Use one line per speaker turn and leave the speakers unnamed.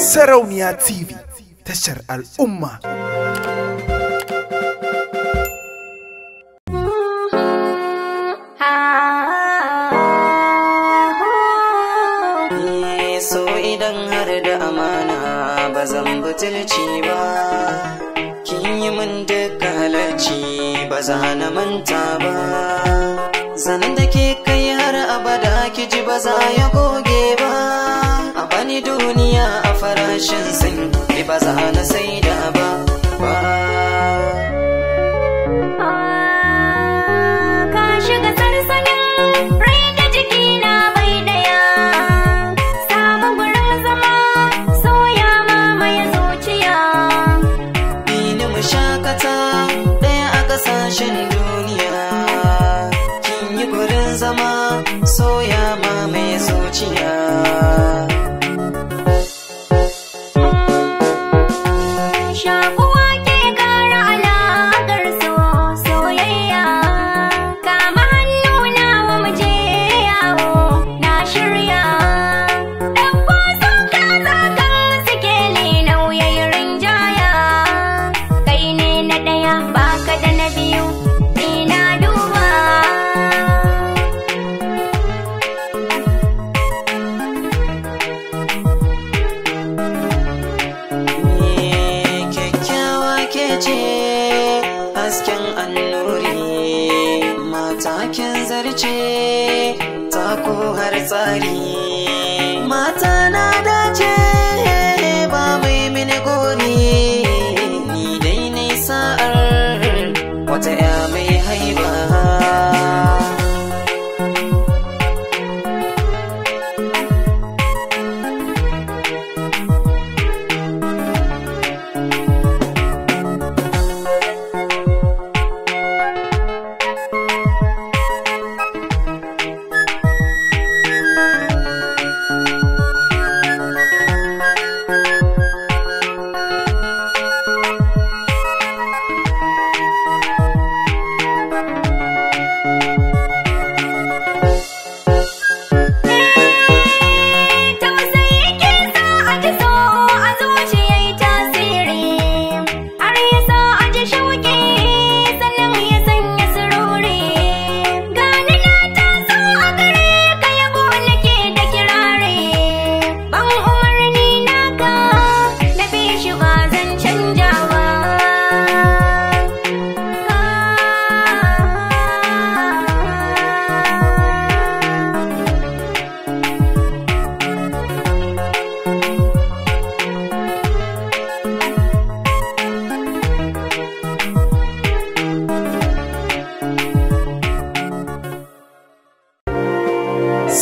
Sarauniya TV tashar al'umma.
So idan har da amana ba zan butulci ba. kin yi min duk halarci ba za na manta ba zanen da ke kai har abada ki ji ba za ya goge ba a bani duniya farashin sai ni ba za na sai da ba ba ka shiga
sarsanin rai jiki na bai daya samun gurin
zama soya mamaye zuciya ni mu shakata a kasashen duniya kin yi gurin zama soya mamaye zuciya ce hasken annuri matakin zarce ko har tsari mata na dace ba mai mini gori ni dai ne sa'ar wata